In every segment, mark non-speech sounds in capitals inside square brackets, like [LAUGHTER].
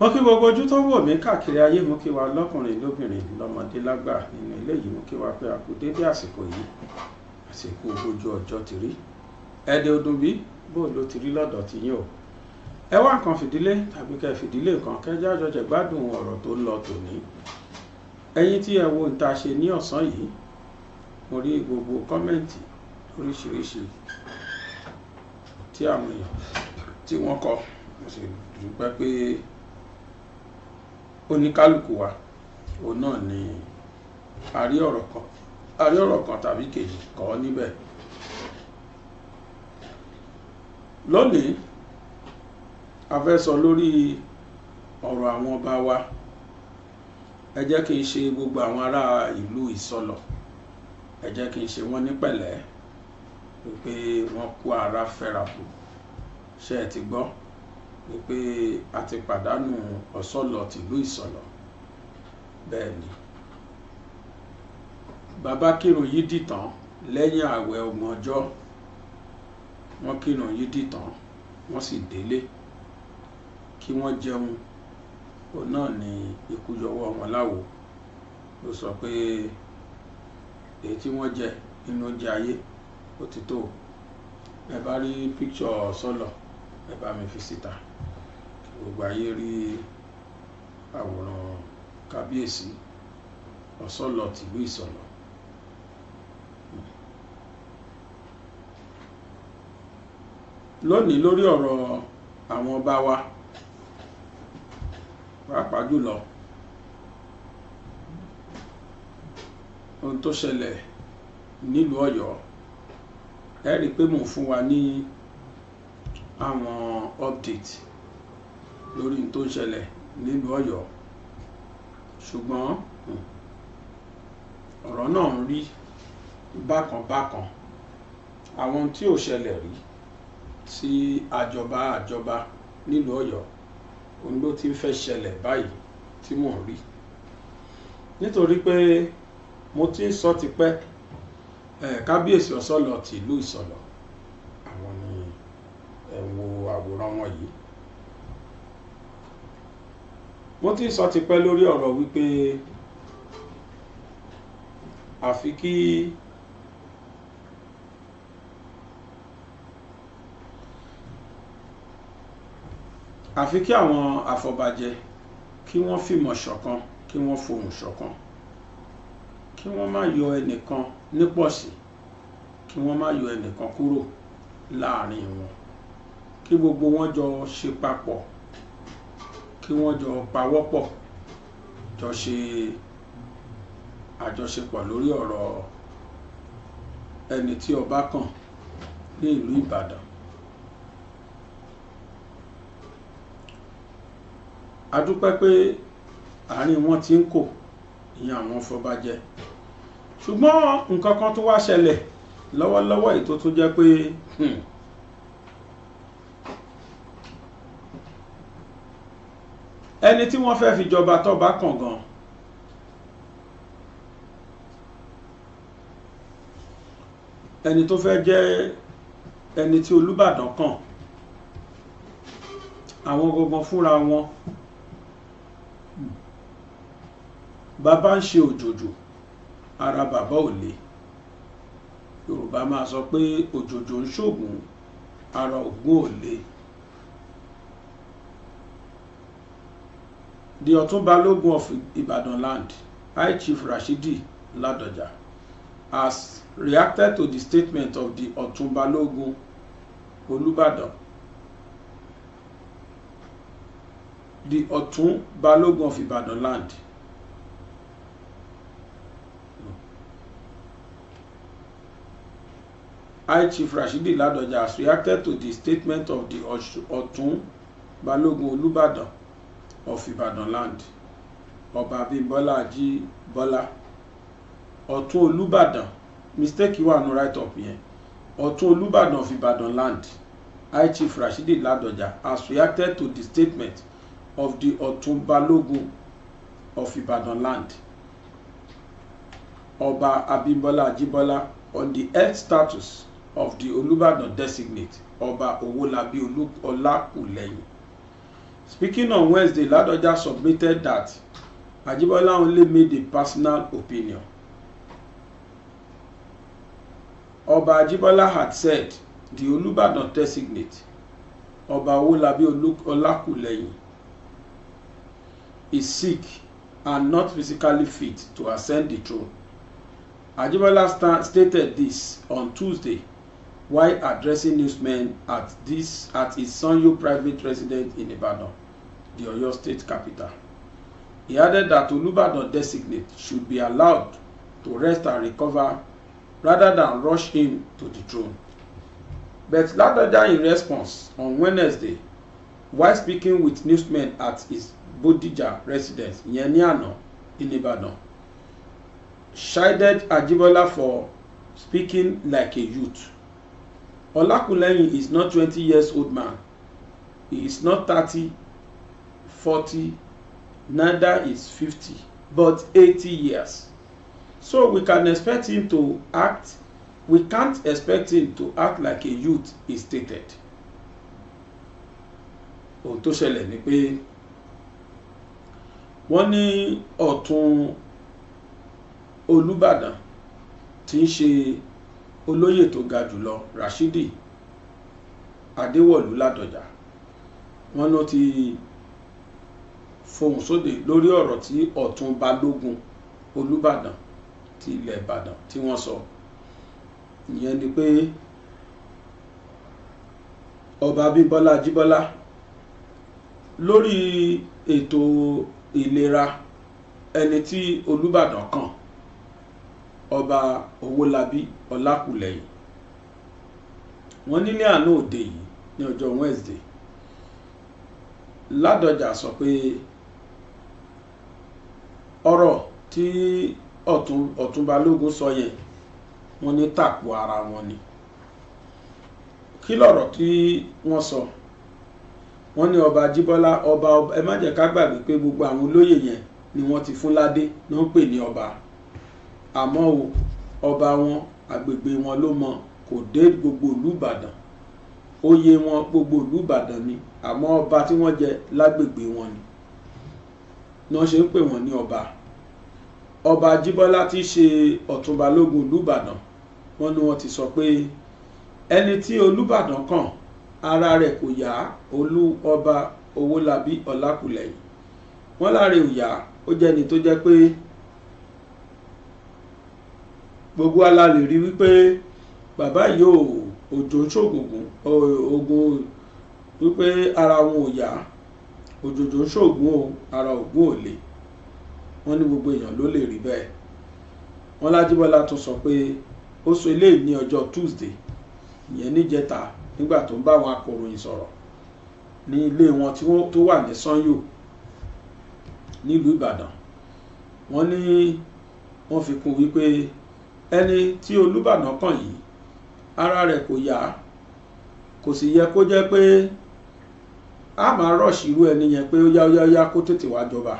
mo kí gbogbo ojú tó wò mí káàkiri ayé mo kí wa lọ́kùnrin lóbìnrin lọ́mọdé lágbà nínú ilé yìí mo kí wa pé a kú dédé àsìkò yìí àsìkò ojú ọjọ́ ti rí ẹ̀dẹ̀ ọdún bí bó ló ti rí lọ́dọ̀ ti yín o ẹ wá nǹkan fìdílé tàbí kẹ fìdílé nǹkan kẹjá jọjẹ gbádùn ọ̀rọ̀ tó ń lọ tòní ẹ̀yin tí ẹ wo ń ṣe ní ọ̀sán yìí mo rí gbogbo kọ́mẹ̀ǹtì oríṣiríṣi tí àwọn èèyàn tí wọ́n kọ mo sì dúpẹ́ pé oníkálukú wa òun náà ni àrí ọ̀rọ̀ kan àrí ọ̀rọ̀ kan tàbí kejì kọ́ níbẹ̀ lónìí a fẹ́ sọ lórí ọ̀rọ̀ àwọn ọba wa ẹ jẹ́ kí n ṣe gbogbo àwọn ará ìlú ìsọlọ̀ ẹ jẹ́ kí n ṣe wọ́n ní pẹ̀lẹ́ wípé wọ́n kú ara fẹ́ra kù ṣé ẹ ti gbọ́ wípé a ti pàdánù ọ̀sọ́lọ̀ tìlú ìsọ̀lọ̀ bẹ́ẹ̀ ni bàbá kírun yìí dìtàn lẹ́yìn ààwẹ̀ ọgbọ̀n ọjọ́ wọ́n kírun yìí dìtàn wọ́n sì délé kí wọ́n jẹun òun náà ni ikú yọwọ́ wọn láwo ó sọ pé èyí tí wọ́n jẹ nínú oúnjẹ ayé ó ti tó ẹ bá rí píkṣọ sọlọ ẹ bá mi fi síta gbogbo ayé rí àwòrán kábíyèsí ọ̀sọ́lọ̀ tìlú ìsọ̀lọ̀ lónìí lórí ọ̀rọ̀ àwọn ọba wa pàápàá jùlọ ohun tó ṣẹlẹ̀ nílùú Ọ̀yọ́ ẹ rí i pé mò ń fún wa ní àwọn update lórí tó ń ṣẹlẹ̀ nílùú Ọ̀yọ́ ṣùgbọ́n hmm, ọ̀rọ̀ náà ń rí bákan bákan àwọn tí ò ṣẹlẹ̀ rí tí àjọba àjọba nílùú Ọ̀yọ́ òun ló ti ń fẹ́ ṣẹlẹ̀ báyìí tí mò ń rí nítorí pé mo ti ń sọ tipẹ́ kábíyèsí ọ̀sọ́lọ̀ tìlú ìsọ̀lọ̀ àwọn ni ẹ wo àwòrán wọn yìí mo ti sọ tipẹ́ lórí ọ̀rọ̀ wípé àfi kí àfi kí àwọn àfọ̀bàjẹ́ kí wọ́n fìmọ̀ ṣọ̀kan kí wọ́n fohùn ṣọ̀kan kí wọ́n má yọ ẹnìkan nípọ̀sí kí wọ́n má yọ ẹnìkan kúrò láàrin wọn kí gbogbo wọn jọ ṣe papọ̀ kí wọ́n jọ pawọ́pọ̀ jọ ṣe àjọṣepọ̀ lórí ọ̀rọ̀ ẹni tí ọba kàn ní ìlú Ìbàdàn a dúpẹ́ pé àárín wọn ti ń kò ìyẹn àwọn fọbajẹ ṣùgbọ́n nǹkan kan tó wá ṣẹlẹ̀ lọ́wọ́lọ́wọ́ èyí tó tún jẹ́ pé hmm, ẹni tí wọ́n fẹ́ fi jọba tó bá kàn gan ẹni tó fẹ́ jẹ́ ẹni tí Olúbàdàn kàn àwọn gangan fúnra wọn bàbá ń ṣe òjòjò ara bàbá ò le Yorùbá máa sọ pé òjòjò ń ṣògùn ara ògùn ò le. the Ọ̀tún Balogun of Ibadan land High Chief Rashidi Ladoja has reacted to the statement of the Ọ̀tún Balogun Olubadan the Ọ̀tún Balogun of Ibadan land High Chief Rashidi Ladoja has reacted to the statement of the Ọ̀tún Balogun Olubadan of Ibadan land ọba Abímbọ́lá Ajíbọ́lá Ọ̀tún Olúbàdàn mistake wà nù write up yẹn Ọ̀tún Olúbàdàn of Ibadan land High Chief Rashidi Ladoja has reacted to the statement of the Ọ̀tún Balógun of Ibadan land ọba Abímbọ́lá Ajíbọ́lá on the health status of the Olúbàdàn designate ọba Owólabí Ọlákùlẹ́yìn Speaking on Wednesday, Ladoja submitted that Ajibola only made a personal opinion. Oba Ajibola had said the Olubadan designate, Oba Owolabi Olakuleyin, is sick and not physically fit to ascend the throne. Ajibola stated this on Tuesday while addressing newsmen at this at his Sanyo private residence in Ibadan, the Oyo state capital. He added that Olubadan designate should be allowed to rest and recover rather than rush him to the throne. But Ladoja in response on Wednesday, while speaking with newsmen at his Bodija residence, Yeniano, in Ibadan, chided Ajibola for speaking like a youth Olakunleyin is not 20 years old man. He is not 30, 40, neither is 50, but 80 years. So we can expect him to act, we can't expect him to act like a youth He stated. Ohun tó ṣẹlẹ̀ ni pé wọ́n ní ọ̀tún Olúbàdàn tí ń ṣe olóyè tó ga jùlọ Rashidi Adéwọ̀lú Ládọjà wọ́n ló ti fohùn sóde lórí ọ̀rọ̀ tí Ọ̀tún Balógun Olúbàdàn ti ilẹ̀ Ìbàdàn tí wọ́n sọ ìyẹn ni pé ọba Abímbọ́lá Ajíbọ́lá lórí ètò ìlera ẹni tí Olúbàdàn kàn ọba owólabí ọlákùlẹ̀yìn wọ́n ní ní àná òde yìí ní ọjọ́ wednesday ládọjà sọ pé ọ̀rọ̀ tí ọ̀tún balógun sọ yẹn wọ́n ní tàkù ara wọn ni kí lọ̀rọ̀ tí wọ́n sọ wọ́n ní ọba jíbọ́lá ọba ẹ má jẹ́ ká gbàgbé pé gbogbo àwọn olóyè yẹn ni wọ́n ti fún ládé ní wọ́n pè ní ọba àmọ́ o ọba wọn àgbègbè wọn ló mọ kò dé gbogbo ìlú ìbàdàn oyè wọn gbogbo ìlú ìbàdàn ni àmọ́ ọba tí wọ́n jẹ lágbègbè wọn ni náà ṣe ń pè wọ́n ní ọba ọba jíbọ́lá tí í ṣe ọ̀tún balógun ìlú ìbàdàn wọ́n ní wọ́n ti sọ pé ẹni tí olùbàdàn kàn ara rẹ̀ kò yá olú ọba owólabí ọlákùlẹ̀yìn wọ́n láre ò yá ó jẹ́ni tó jẹ́ pé. Pe gbogbo ala lè rí wípé bàbá yìí ò òjò ń ṣògùn ogun wípé ara wọn ò yá òjòjò ń ṣògùn o ara ògùn ò le wọ́n ní gbogbo èèyàn ló lè rí bẹ́ẹ̀ wọ́n lájíbọ́lá tún sọ pé ó sọ eléyìí ní ọjọ́ Tuesday ìyẹn níjẹta nígbà tó ń bá àwọn akọ̀ròyìn sọ̀rọ̀ ní ilé wọn tó wà ní Sanyo nílùú Ìbàdàn wọ́n ní wọ́n fi kún wípé ẹni tí olúbànà kàn yìí ara rẹ̀ kò yá kò sì yẹ kó jẹ́ pé a máa rọ̀ṣì irú ẹni yẹn pé ó yá ó yá ó yá kó tètè wá jọba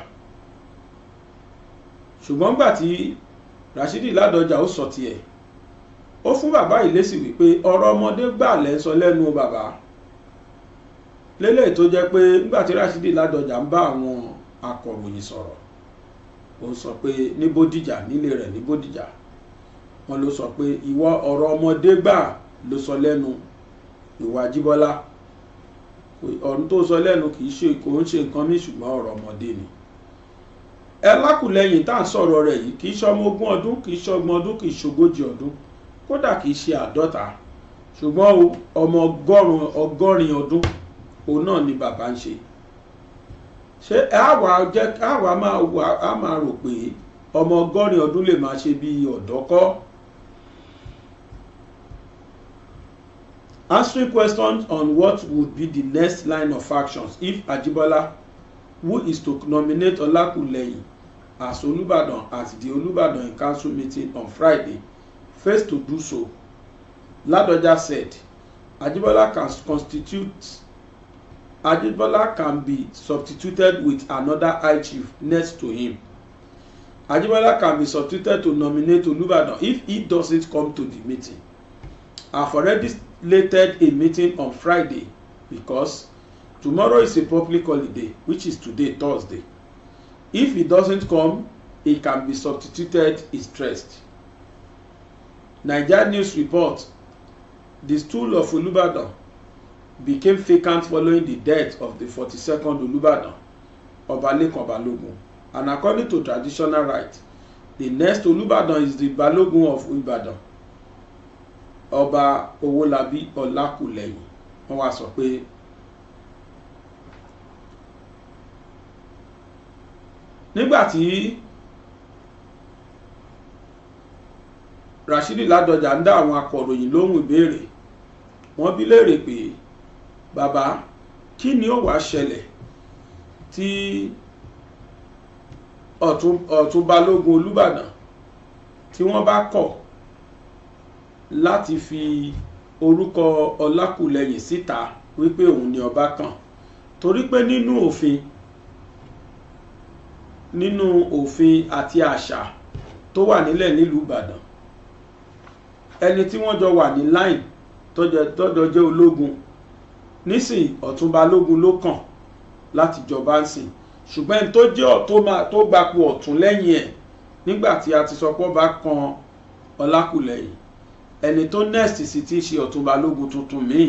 ṣùgbọ́n gbà tí Rashidi Ládọjà ó sọ tiẹ̀ ó fún bàbá yìí lésì wípé ọ̀rọ̀ ọmọdé gbà lẹ́ lẹ́nu bàbá lélẹ̀ tó jẹ́ pé nígbà tí Rashidi Ládọjà ń bá àwọn akọ̀ròyìn sọ̀rọ̀ ó sọ pé ní Bódìjà nílé rẹ̀ ní Bódìjà wọn ló sọ pé ìwọ ọ̀rọ̀ ọmọdé gbà ló sọ lẹ́nu ìwà Jíbọ́lá ọ̀run tó sọ lẹ́nu kì í ṣe kò ń ṣe nǹkan mí ṣùgbọ́n ọ̀rọ̀ ọmọdé ni ẹ lákùlẹ́yìn tá à ń sọ̀rọ̀ rẹ̀ yìí kì í ṣọmọ ogún ọdún kì í ṣọgbọ̀n ọdún kì í ṣogójì ọdún kódà kì í ṣe àádọ́ta ṣùgbọ́n ọmọ ọgọ́rùn-ún ọgọ́rin ọdún òun náà ni bàbá ń ṣe ṣé àwa jẹ́ àwa máa rò pé ọmọ ọgọ́rin ọdún lè máa ṣe bí ọ̀dọ́kọ́ answering questions on what would be the next line of actions if Ajibola, who is to nominate Olakunleyin as Olubadan at the Olubadan council meeting on Friday, fails to do so. Ladoja said, Ajibola can constitute Ajibola can be substituted with another high chief next to him. Ajibola can be substituted to nominate Olubadan if he doesn't come to the meeting. I've already Later, a meeting on Friday because tomorrow is a public holiday which is today Thursday. If he doesn't come, he can be substituted is stressed. Niger News report the stool of Olubadan became vacant following the death of the 42nd Olubadan, Obalekan Balogun. And according to traditional rites, the next Olubadan is the Balogun of Ibadan ọba owólabí ọlákùlẹ̀yìn wọ́n wá sọ pé nígbàtí Rashidi Ládọjà ń dá àwọn akọ̀ròyìn lóhùn ìbéèrè wọ́n bi léèrè pé bàbá kí ni ó wá ṣẹlẹ̀ tí ọ̀tún Balógun Olúbàdàn tí wọ́n bá kọ̀ láti fi orúkọ ọlákùlẹ́yìn síta wípé òun ni ọba kan torí pé nínú òfin nínú òfin àti àṣà tó wà nílẹ̀ nílùú ìbàdàn ẹni tí wọ́n jọ wà ní line tọ́jọ jẹ́ ológun nísìn ọ̀túnba lógun ló kàn láti jọba ń sìn ṣùgbọ́n tó jẹ́ tó gbapò ọ̀tún lẹ́yìn ẹ̀ nígbà tí a ti sọ pé ọba kan ọlákùlẹ́yìn ẹni tó next sí ti ṣe ọ̀túnba lógun tuntun míì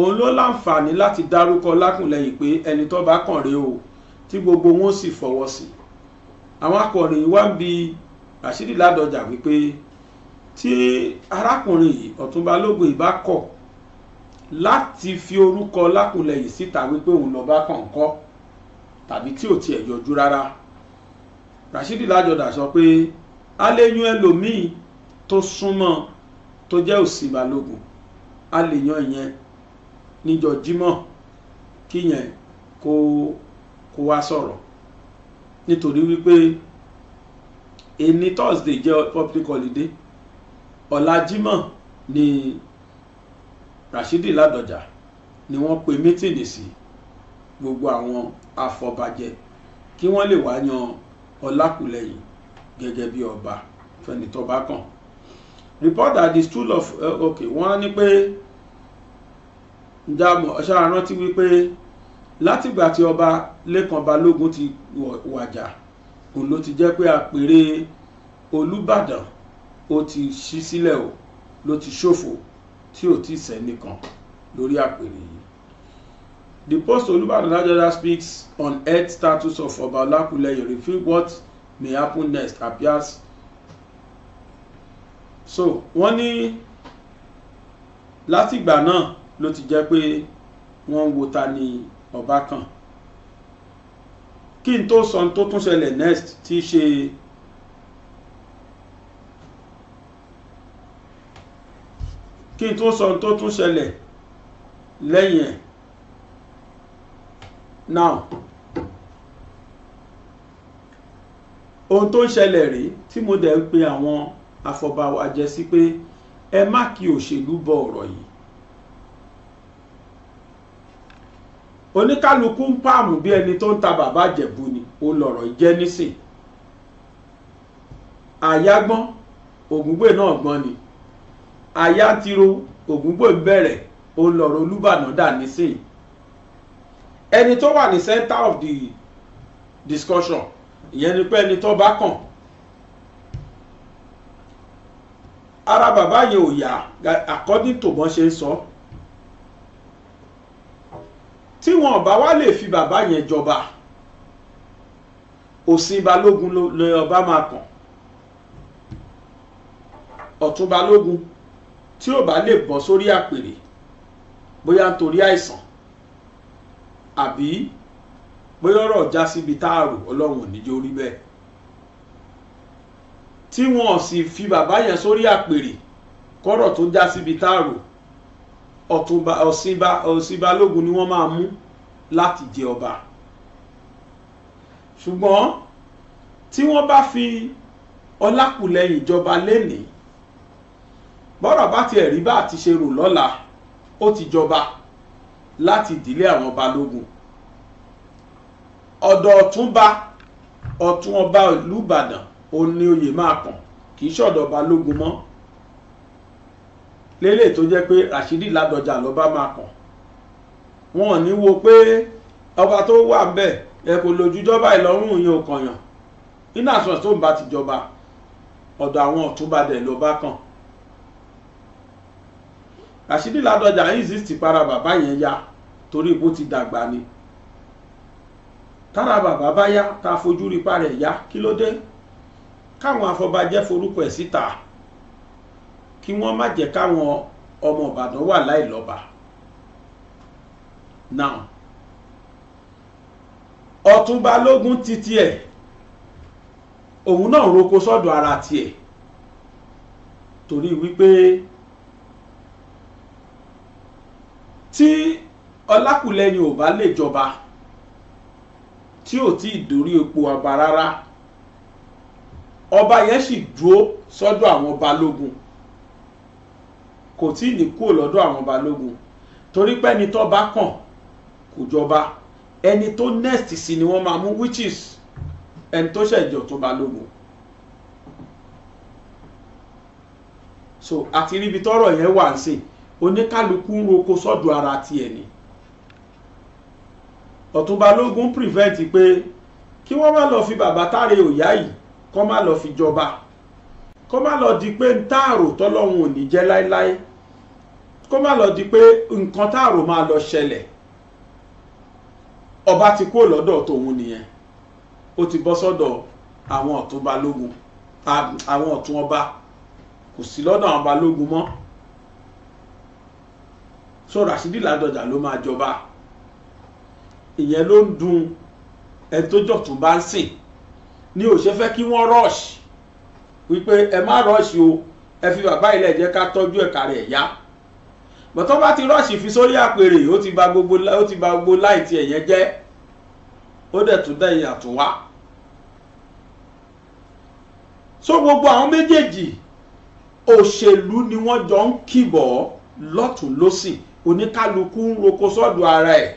òun ló láǹfààní láti dárúkọ lákùnlẹ́yìn pé ẹni tó bá kàn rèé o tí gbogbo wọn sì fọwọ́ sí àwọn akọ̀ròyìn wá ń bi Rashidi Ládọjà wípé tí arákùnrin yìí ọ̀túnba lógun ìbá kọ̀ láti fi orúkọ lákùnlẹ́yìn síta wípé òun lọ́ọ́ bá kàn tàbí tí ò tiẹ̀ yọjú rárá Rashidi Ládọjà sọ pé a ẹlòmíì tó súnmọ́ tó jẹ́ òsì balógun a lè yan ìyẹn níjọ́ jímọ̀ kíyẹn kó kó wá sọ̀rọ̀ nítorí wípé èní Thursday jẹ́ public holiday ọ̀la jímọ̀ ni Rashidi Ládọjà ni wọ́n pe mítìnì sí gbogbo àwọn afọbajẹ kí wọ́n lè wá yan Ọlákùlẹ́yìn gẹ́gẹ́ bí ọba fẹ́ni tó bá report that the stool of uh, okay wọ́n ní pé ìdààmú ṣàrántí wípé látìgbà tí ọba Lẹ́kàn Balógun ti wàjà òun ló ti jẹ́ pé àpèrè Olúbàdàn ó ti ṣí sílẹ̀ o ló ti ṣòfò tí ò ti sẹ́ nìkan lórí àpèrè yìí. The post Olúbàdàn Lajara speaks on health status of Ọba Olakunleye reveal what may happen next appears so wọ́n ní látìgbà náà ló ti jẹ́ pé wọ́n ń wo ta ni ọba kan kí n tó sọ tó tún ṣẹlẹ̀ next tí í ṣe kí n tó sọ tó tún ṣẹlẹ̀ lẹ́yìn ẹ̀ now ohun tó ń ṣẹlẹ̀ rí tí mo dẹ̀ ń pe àwọn àfọ̀bàwà jẹ́ sí pé ẹ má kí òṣèlú bọ ọ̀rọ̀ yìí oníkálukú ń pààmù bí ẹni tó ń ta bàbá jẹ̀bú ni ó lọ̀rọ̀ jẹ́ nísìn àyà gbọ́n náà gbọ́n ni àyà tiro ògúngbè ń bẹ̀rẹ̀ ó lọ̀rọ̀ olúbànádà nísìn ẹni tó wà ní center of the discussion ìyẹn ni pé ẹni tó bá kàn ara bàbá yẹn ò yá according to bọ́n ṣe ń sọ tí wọn bá wá lè fi bàbá yẹn jọba òsín balógun ló ọba máa kàn ọ̀tún balógun tí ò bá lè bọ́ sórí àpèrè bóyá nítorí àìsàn àbí bóyá ọ̀rọ̀ já síbi tá a rò ọlọ́run ò ní jó rí bẹ́ẹ̀ tí wọn sì fi bàbá yẹn sórí àpèrè kọ́rọ̀ tó já síbi táàrò ọ̀túnba ọ̀sìn balógun ni wọ́n máa mú láti jẹ ọba ṣùgbọ́n tí wọ́n bá fi ọlákùlẹ̀yìn ìjọba lénìí bọ́rọ̀ bá tiẹ̀ rí bá ti ṣe rò lọ́la ó ti jọba láti ìdílé àwọn balógun ọ̀dọ̀ ọ̀túnba ọ̀tún ìlú ìbàdàn ó ní oyè máa kàn kì í ṣọ̀dọ̀ balógun mọ́ lélẹ̀ tó jẹ́ pé Rashidi Ládọjà ló bá máa kàn wọn ò ní wo pé ọba tó wà ń bẹ̀ ẹ kò lójújọba ìlọrùn yẹn ò kànyàn iná àṣọ tó ń bá ti jọba ọ̀dọ̀ àwọn ọ̀túnba dẹ̀ ló bá kàn Rashidi Ládọjà insist para bàbá yẹn ya torí bó ti dàgbà ni tára bàbá bá yá ta fojú rí parẹ̀ yá kí ló dé káwọn afọbajẹ́ forúkọ ẹ̀ síta kí wọ́n má jẹ́ káwọn ọmọ Ìbàdàn wà láìlọ́ba now Ọ̀tún Balógun ti tiẹ̀ òun náà roko sọ́dọ̀ ara tiẹ̀ torí wípé tí Ọlákùlẹ́yìn ò bá lè jọba tí ò tí ì dórí epo ọba rárá ọba yẹn sì dúró sọ́dọ̀ àwọn balógun kò tí ì ní kúrò lọ́dọ̀ àwọn balógun torí pé ẹni tó bá kàn kò jọba ẹni tó next sí ni wọ́n máa mú which is ẹni tó ṣẹ̀jọ̀ tó balógun. so àti ríbi tọ́rọ̀ yẹn wà ń ṣe oníkálukú ń roko sọ́dọ̀ ara tiẹ̀ ni ọ̀tún balógun prevent pé kí wọ́n má lọ fi bàbá táre òyá yìí kọ́ má lọ fi jọba kọ́ má lọ di pé ntáàrò tọ́lọ́hun ò ní jẹ́ láéláé kọ́ má lọ di pé nǹkan táàrò máa lọ ṣẹlẹ̀ ọba ti kúrò lọ́dọ̀ tòun nìyẹn ó ti bọ́ sọ́dọ̀ àwọn ọ̀tún balógun àwọn ọ̀tún ọba kò sí lọ́dọ̀ àwọn balógun mọ́ so rasidi Ládọjà ló máa jọba ìyẹn ló ń dùn ẹni tó jọ̀tún bá ń sìn ni ò ṣe fẹ́ kí wọ́n rush wípé ẹ má rush o ẹ fi bàbá ilẹ̀ jẹ́ ká tọ́jú ẹ̀ka rẹ̀ yá bọ̀tọ́ bá ti rush fi sórí àpèrè ó ti ba gbogbo ó ti ba gbogbo láì tiẹ̀ yẹn jẹ́ ó dẹ̀ tún dẹ̀yìn àtúnwá so gbogbo àwọn méjèèjì òṣèlú ni wọ́n jọ ń kìbọ̀ lọ́tún lọ́sìn oníkálukú ń roko sọ́dọ̀ ara ẹ̀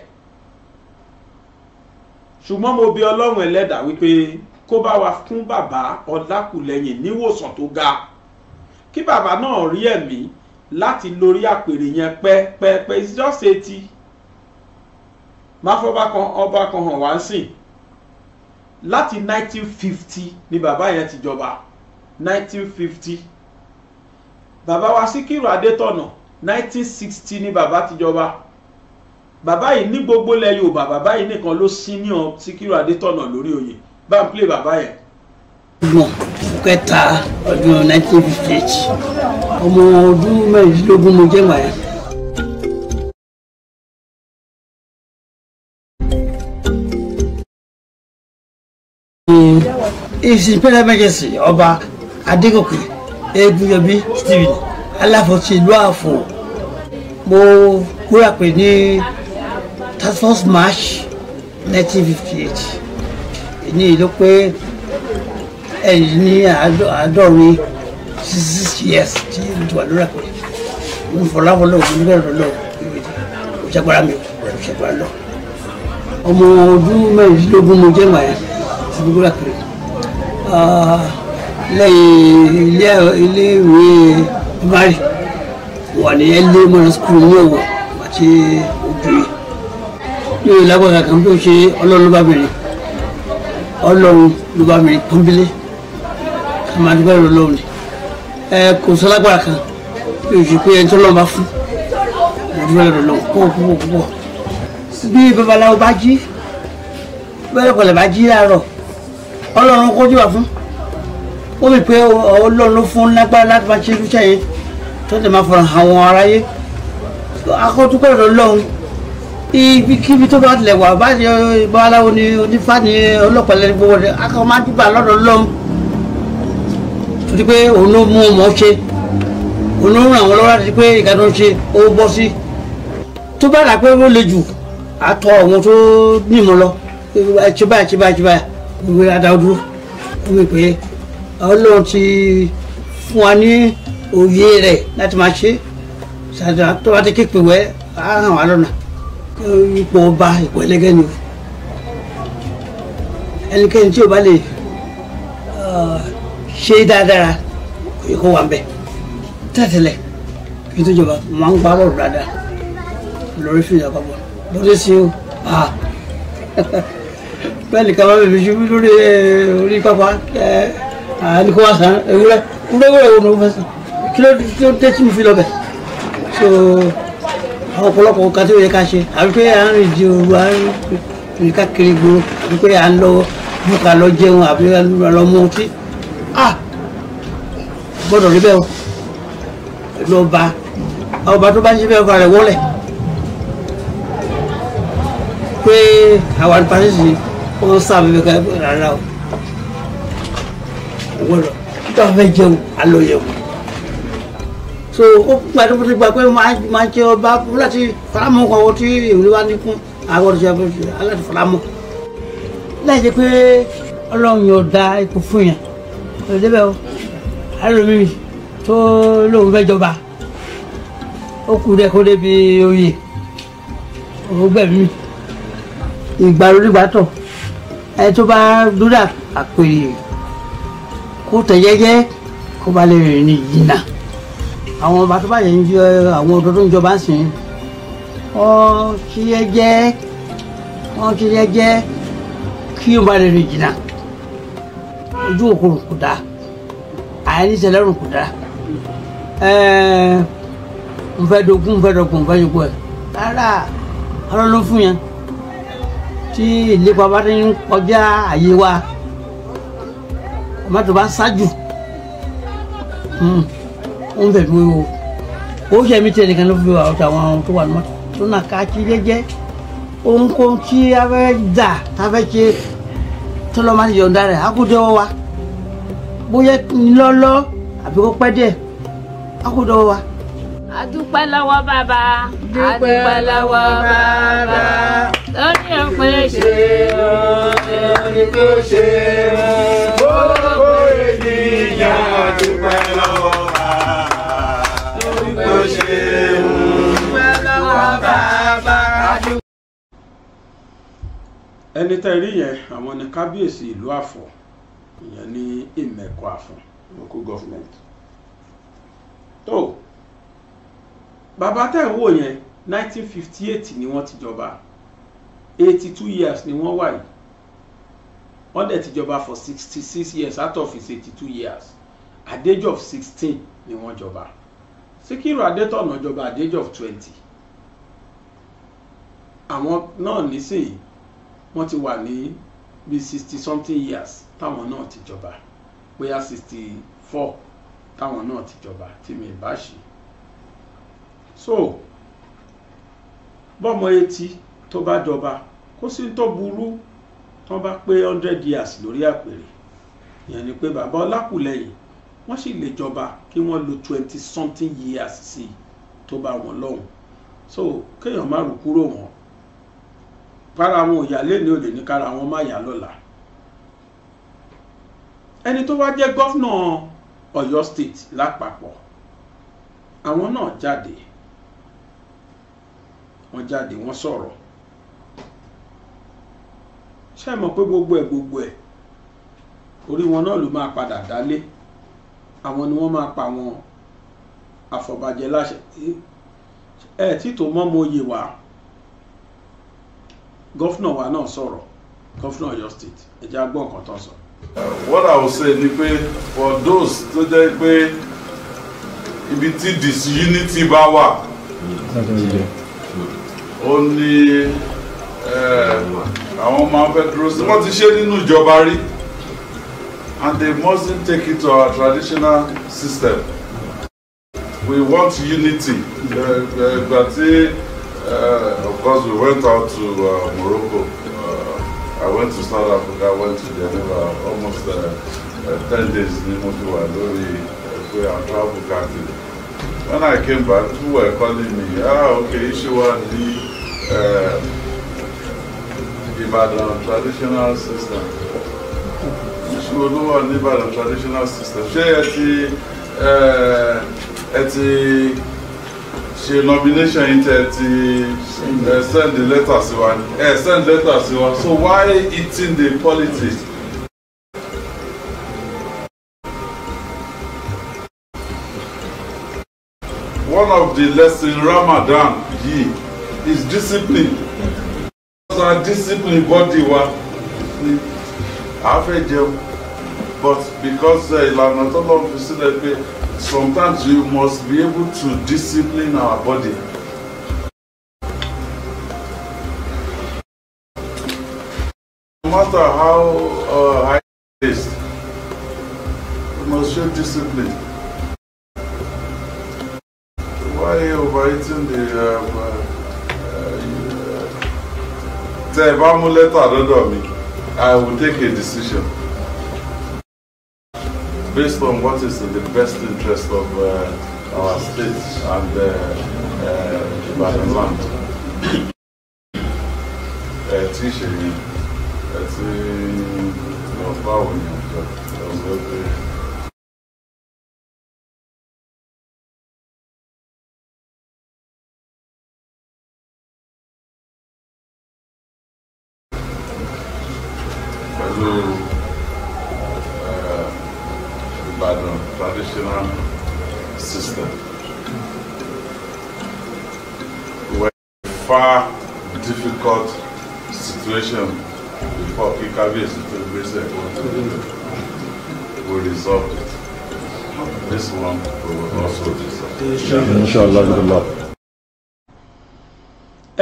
ṣùgbọ́n mo bi ọlọ́run ẹlẹ́dàá wípé kó bá wa fún bàbá ọlákùlẹ́yìn níwòsàn tó ga kí bàbá náà rí ẹ̀mí láti lórí àpèrè yẹn pẹ́pẹ́pẹ́ it's just eighty máa fọba kan ọba kan hàn wá sí láti nineteen ni bàbá yẹn ti jọba nineteen fifty bàbá wa síkírù adétọ̀nà nineteen ni bàbá ti jọba bàbá yìí ní gbogbo ilẹ̀ yorùbá bàbá yìí nìkan ló senior síkírù adétọ̀nà lórí oyè ba ń plé bàbá yẹn. gbọ̀n kẹta ọdún nineteen fifty eight ọmọ ọdún mẹ́rìndínlógún mo jẹ́ wáyà. ìsìn pẹ́lẹ́ mẹ́jẹsì ọba adégòkè egunjobi stephen aláfọ̀tì ìlú àfò mo kúrò àpè ní thirty first march nineteen fifty eight ní ìlú pé ẹ̀yìn ní àádọ́rin six years tí ìlú wà lóra pé ń fọlá wọlé òun níbẹ̀ lọ́lọ́ òṣèpára mi òṣèpára lọ ọmọ ọdún mẹ́rìndínlógún mo jẹ́ màá ti gbogbo àkèrè lẹ́yìn ilé ìwé primary wà ní ẹlẹ́ mọ́ra school ní ọ̀wọ̀ àti obìnrin ní ìlágbára kan tó ṣe ọlọ́run bá bẹ̀rẹ̀ ọlọ́run ló bá mi pọ́nbílé ká máa dúpẹ́ lọ lọ́run ni ẹ kò sálágbára kan bí o ṣe pé ẹni tó lọ́run bá fún mo dúpẹ́ lọ lọ́run púpọ̀ púpọ̀ púpọ̀ bí babaláwo bá jí bẹ́ẹ̀ kọ̀lẹ̀ bá jí láàárọ̀ ọlọ́run kọjú wà fún ó rí i pé ọlọ́run ló fún lágbára láti máa ṣe irúṣẹ́ yẹn tó lè máa fọ̀ràn àwọn aráyé akọ́dúpẹ́ lọ lọ́run ibikíbi tó bá tilẹ̀ wà bá ṣe babaláwo ni onífá ni ọlọ́pàá lẹ́nu gbogbo rẹ̀ akọ máa dúpọ̀ lọ́dọ̀ lọ́hùn pé òun ló mú ọmọ ṣe òun ló ràn wọ́n lọ́wọ́ àti pé ìgbàdàn ṣe ó bọ́ sí tó bá dà pé ó le jù àtọ àwọn tó nímọ̀ lọ ṣe báyìí ṣe ìwé adáwọ̀ dúró pé ọlọ́run ti fún wa ní òye rẹ̀ láti máa ṣe ṣàdá tó bá ti kéèpé wẹ́ á hàn wá lọ́nà ipò ọba ipò ẹlẹ́gẹ́ ni ẹnikẹ́ni tí o bá lè ṣe dáadáa kò wà ń bẹ̀ kí n tó jọba màá ń parọ́ dáadáa lórí fìlà pàpọ̀ lórí sí o bẹ́ẹ̀ nìkan bá bẹ̀rẹ̀ ṣubú lórí orí pápá àníkó wá sàn ewúrẹ́ ewúrẹ́ wo ni o kí ló dé tí mo fi lọ bẹ̀ so ọ̀pọ̀lọpọ̀ nǹkan tí ó yẹ ká ṣe àbí pé à ń rìn di òru à ń rìn káàkiri gbòòrò àbí pé à ń lọ bùkà lọ jẹun àbí à lọ mú ọtí à gbọ́dọ̀ rí bẹ́ẹ̀ o lọ́ba ọba tó bá ń ṣe bẹ́ẹ̀ ọba rẹ̀ wọlé pé àwọn àdìpáṣẹ́sì ó ń sá abẹ́bẹ́ ká rárá o gbọ́dọ̀ kí tó fẹ́ jẹun àlọ́ yẹun so ó gba tó ti gba pé máa jẹ ọba láti faramọ́ kan owó tí ìwúrí wa ní kún àwọn ọ̀dọ́ ìjọba ìjọba láti faramọ́ láì jẹ́ pé ọlọ́run yóò da ipò fún yẹn kò débẹ̀ o alómi tó lóun fẹ́ jọba ó kù dẹ́ kó débi oyè òun gbẹ̀mí ìgbà onígbàtọ̀ ẹni tó bá dúdà àpèrè kó tẹ̀ jẹ́jẹ́ kó ba lè rìn ní ìjìnà àwọn bàtúbà yẹn ń jẹ àwọn òdodo ń jọba ń sìn wọn kí ẹ jẹ wọn kí ẹ jẹ kí o bá rere jìnnà ojú òkun kò dáa àìníṣẹlẹrùn kò dáa ẹẹ n fẹ́ dogun n fẹ́ dogun n fẹ́ dogun ẹ rárá ọlọ́ ló fún yẹn tí ìlépa bá ti ń kọjá àyè wa mọ́tò bá ṣáájú. Mm ó ń bẹ̀ mí o ó ṣe mí tiẹ̀ nìkan ló fi wà ọ̀tà àwọn tó wà náà tó nà ká kí jẹ́jẹ́ ohunkóhun tí a fẹ́ dà tá a fẹ́ ṣe tọ́lọ́mà ti yọ̀ǹda rẹ̀ á wa bóyá lọ́lọ́ àbí kó pẹ́ díẹ̀ á wa. a lọ́wọ́ bàbá a lọ́wọ́ bàbá lórí ọ̀pẹ ṣe lórí ọ̀pẹ ṣe. ẹni tẹ́ rí yẹn àwọn ni kábíyèsí ìlú àfọ̀ ìyẹn ní ìmẹ̀kọ àfọ̀ local government tó bàbá tẹ̀ ń wò yẹn 1958 ni wọ́n ti jọba 82 years ni wọ́n wà yìí wọ́n dẹ̀ ti jọba for 66 years out of his 82 years at the age of 16 ni wọ́n jọba Síkírù Adétọ̀nà jọba at the age of 20 àwọn náà nísìnyí wọ́n ti wà ní bíi sixty something years táwọn náà ti jọba bóyá sixty four táwọn náà ti jọba tí mi bá ṣe so bọ́mọ etí tó bá jọba kó sì tó burú tán bá pé hundred years lórí àpèrè ìyẹn ni pé bàbá ọlákùlẹ̀yìn wọ́n sì lè jọba kí wọ́n lo twenty something years sí i tó bá wọn lọ́hùn so kéèyàn má rù kúrò wọn kára wọn ò yá lẹ́ni ò lè ní kára wọn má yá lọ́la ẹni tó wá jẹ́ gọ́fúnà Ọ̀yọ́ state lápapọ̀ àwọn náà jáde wọ́n jáde wọ́n sọ̀rọ̀ ṣe mọ̀ pé gbogbo ẹ̀ gbogbo ẹ̀ orí wọn náà ló máa padà dálé àwọn ni wọ́n máa pa àwọn àfọ̀bàjẹ́ láṣẹ ẹ̀ tí mọ́ mo yè wá gọ́fúnà wa náà sọ̀rọ̀ gọ́fúnà Ọ̀yọ́ state ẹ jẹ́ agbọ́n kan tó sọ. what i will say ni pé for those tó jẹ́ pé ibi tí disunity bá wà ó ní eh, àwọn máa ń fẹ́ dúró sí wọ́n ti ṣe nínú ìjọba rí and they mustn't take it to our traditional system we want unity. Uh, eh, uh, eh, but, uh, Uh, of course, we went out to uh, Morocco. Uh, I went to South Africa, went to Geneva, almost uh, uh, 10 days ní mo fi wà lórí uh, pé I travel káàkiri. When I came back, people were calling me, ah, okay, issue wa ní Ìbàdàn uh, traditional system. Issue wo ló wà ní Ìbàdàn traditional system? Ṣé ẹ ti uh, ẹ ṣe nomination yìí tẹ ti ẹ send the letter sí wa ẹ send letter sí wa so why eating the politics. one of the lesson Ramadan yìí is discipline our discipline body wa a fẹ́ jẹun but because eh, ìlànà tó lọ́n fi sílẹ̀ pé sometimes we must be able to discipline our body. No matter how uh, high it is, we must show discipline. Why are you overeating the. Um, uh, uh, uh, tẹ ẹ bá mú lẹ́tà lọ́dọ̀ mi I will take a decision. based on what is in the best interest of uh, our state and uh, uh, by the land. Ẹtí uh, ṣe uh, ni ẹtí ọ̀pá òyìnbó ọ̀gbẹ́gbẹ́. inṣàlá ìdọ̀lá.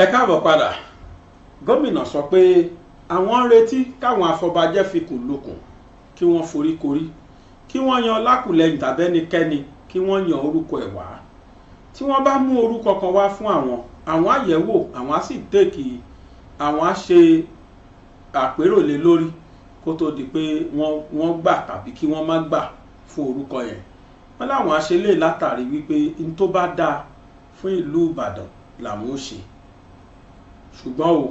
ẹ káàbọ̀ padà gómìnà sọ pé àwọn ń retí káwọn afọbajẹ́ fi kùn lukùn kí wọ́n foríkorí kí wọ́n yan lákùlẹ̀yìn tàbẹ́nikẹ́ni kí wọ́n yan orúkọ ẹ̀ wá tí wọ́n bá mú orúkọ kan wá fún àwọn àwọn àyẹ̀wò àwọn á sì tèkì àwọn á ṣe àpérò lé lórí kó tó di pé wọ́n gbà tàbí kí wọ́n má gbà fún orúkọ yẹn wọ́n láwọn àṣelé látàrí wípé n tó bá dáa fún ìlú ìbàdàn làwọn ò ṣe ṣùgbọ́n o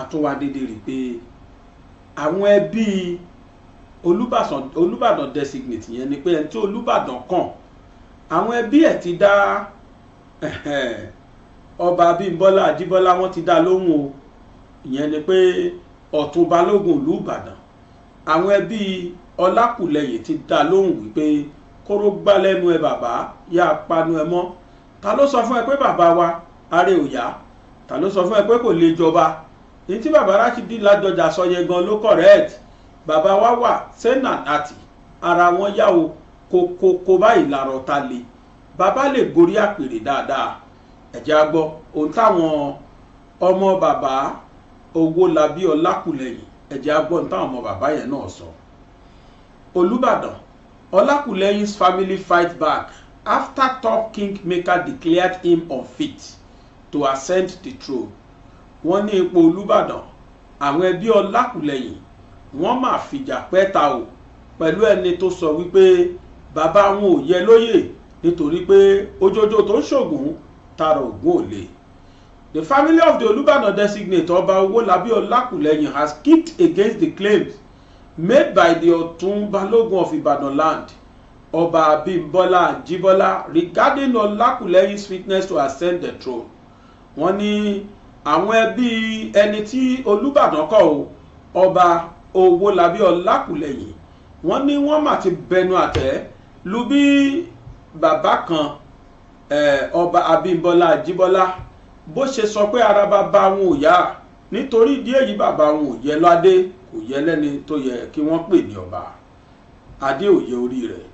àtúnwá dédé rí pé àwọn ẹbí olùbàdàn designate yẹn ni pé ẹni tí olùbàdàn kàn àwọn ẹbí ẹ̀ ti dá ọba Abímbọ́lá Àjíbọ́lá wọ́n ti dá lóhùn o ìyẹn ni pé ọ̀tún balógun ìlú ìbàdàn àwọn ẹbí ọlákùlẹyìn ti dá lóhùn wípé kóró gbá lẹ́nu ẹ bàbá yá panu ẹ mọ́ ta ló sọ fún ẹ pé bàbá wa aré ò yá ta ló sọ fún ẹ pé kò lè jọba ní tí bàbá Rashidi Ládọjà sọ yẹn gan ló correct bàbá wa wà sẹ́nà àti ara wọn yá o kókókó báyìí làrọ̀ ta lè bàbá lè gorí àpèrè dáadáa ẹ̀jẹ̀ á gbọ́ ohun táwọn ọmọ bàbá Owólabí Ọlákùlẹ̀yìn ẹ̀jẹ̀ á gbọ́ ohun táwọn ọmọ bàbá yẹn náà sọ Olúbàdàn Olakunlehin's family fight back after top kingmaker declared him unfit to ascend the throne. wọ́n ní ipò Olúbàdàn àwọn ẹbí Ọlákùlẹ́yìn wọ́n máa fìjà pẹ́ta o pẹ̀lú ẹni tó sọ wípé bàbá wọn ò yẹ lóyè nítorí pé ojoojó tó ń ṣògùn tara ògùn ò lè. The family of the Olúbàdàn designate Ọba Owólabí Ọlákùlẹ́yìn has kicked against the claims made by the Ọ̀tún Balogun of Ibadan land Oba Abimbola, Àjíbọ́lá regarding Ọlákùlẹ́yìn's fitness to ascend the throne wọ́n ní àwọn ẹbí ẹni tí Olúbàdàn kọ̀ o Ọba Owólabí Ọlákùlẹ́yìn wọ́n ní wọ́n mà ti bẹnu àtẹ́ lu bí bàbá kan Ọba eh, Abímbọ́lá bó ṣe sọ pé ara bàbá wọn ò yá nítorí ìdí èyí bàbá wọn ò yẹ ládé kò yẹ lẹ́ni tó yẹ kí wọ́n pè ní ọba adé òye orí rẹ̀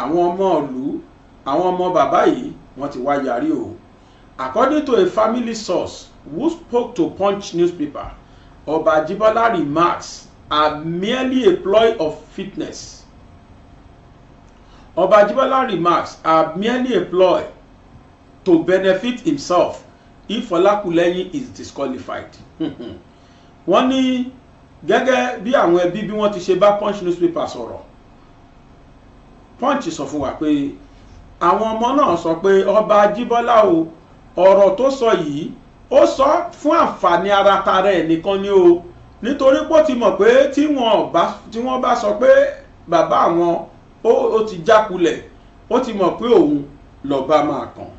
àwọn ọmọ ìlú àwọn ọmọ bàbá yìí wọ́n ti wá yarí o according to a family source who spoke to punch newspaper ọba Ajibola remarks are merely a ploy of fitness ọba Ajibola remarks are merely a ploy to benefit himself if Fọlákúlẹ́yìn is disqualified [LAUGHS] wọ́n ní gẹ́gẹ́ bí àwọn ẹbí bí wọ́n ti ṣe bá punch newspaper sọ̀rọ̀ punch sọ fún wa pé àwọn ọmọ náà sọ pé ọba Ajíbọ́lá o ọ̀rọ̀ tó sọ yìí ó sọ fún àǹfààní ara tara ẹ̀ nìkan ni o nítorí pé ó ti mọ̀ pé tí wọ́n bá sọ pé bàbá àwọn ó ti jákulẹ̀ ó ti mọ̀ pé òun lọ́ba máa kàn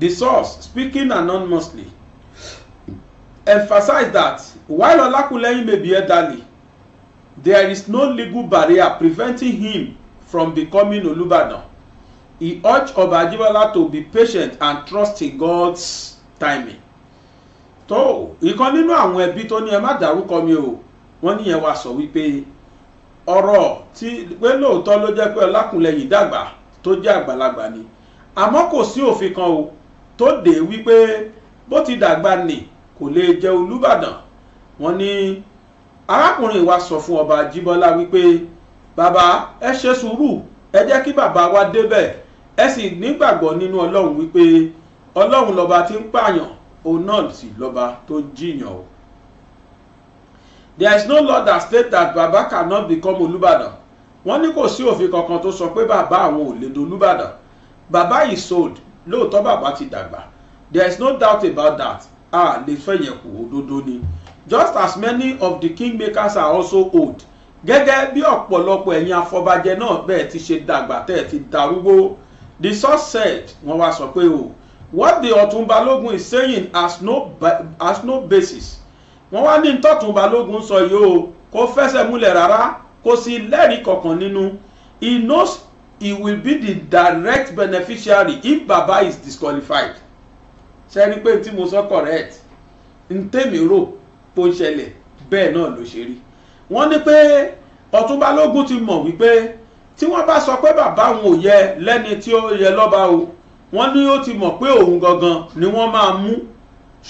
the source speaking anonymously Emphasize that while Olakunleyin may be elderly, there is no legal barrier preventing him from becoming Olubadan. He urged Oba Ajibola to be patient and trust in God's timing. tó ìkan nínú àwọn ẹbí tó ní ẹ má dárúkọ mi o wọ́n ní yẹn wá sọ wípé ọ̀rọ̀ tí pé lóòótọ́ ló jẹ́ pé Ọlákùnlẹ́yìn dàgbà tó jẹ́ àgbàlagbà ni àmọ́ kò sí òfin kan o tó dé wípé bó ti dàgbà nì kò lè jẹ olùbàdàn wọ́n ní arákùnrin wa sọ fún ọba jíbọ́lá wípé bàbá ẹ ṣe sùúrù ẹ jẹ́ kí bàbá wa débẹ̀ ẹ sì nígbàgbọ́ nínú ọlọ́run wípé ọlọ́run lọ́ba tí ń pààyàn òun náà sì lọ́ba tó ń jiyàn o. there is no law that state that baba cannot become olùbàdàn wọ́n ní kò sí òfin kankan tó sọ pé Baba àwọn ò lè dolùbàdàn Baba is old lóòótọ́ bàbá ti dàgbà there is no doubt about that a lè fẹ̀yẹ̀ kù ni just as many of the kingmakers are also old gẹ́gẹ́ bí ọ̀pọ̀lọpọ̀ ẹ̀yin afọbajẹ náà bẹ́ẹ̀ ti ṣe dàgbà tẹ́ẹ̀ ti darúgbó the source said wọ́n wá sọ pé o what the Ọ̀tún Balógun is saying has no, has no basis wọ́n wá ní tọ́tún Balógun sọ yìí o kò fẹsẹ̀ múlẹ̀ rárá kò sí lẹ́rìí kankan nínú he knows he will be the direct beneficiary if Baba is disqualified ṣe rí pé tí mo sọ correct n tèmi rò pó ń ṣẹlẹ̀ bẹ́ẹ̀ náà ló ṣe rí wọ́n ní pé ọ̀túnba lógún ti mọ̀ wípé tí wọ́n bá sọ pé bàbá òun ò yẹ lẹ́ni tí ó yẹ lọ́ba o wọ́n ní ó ti mọ̀ pé òun gangan ni wọ́n máa mú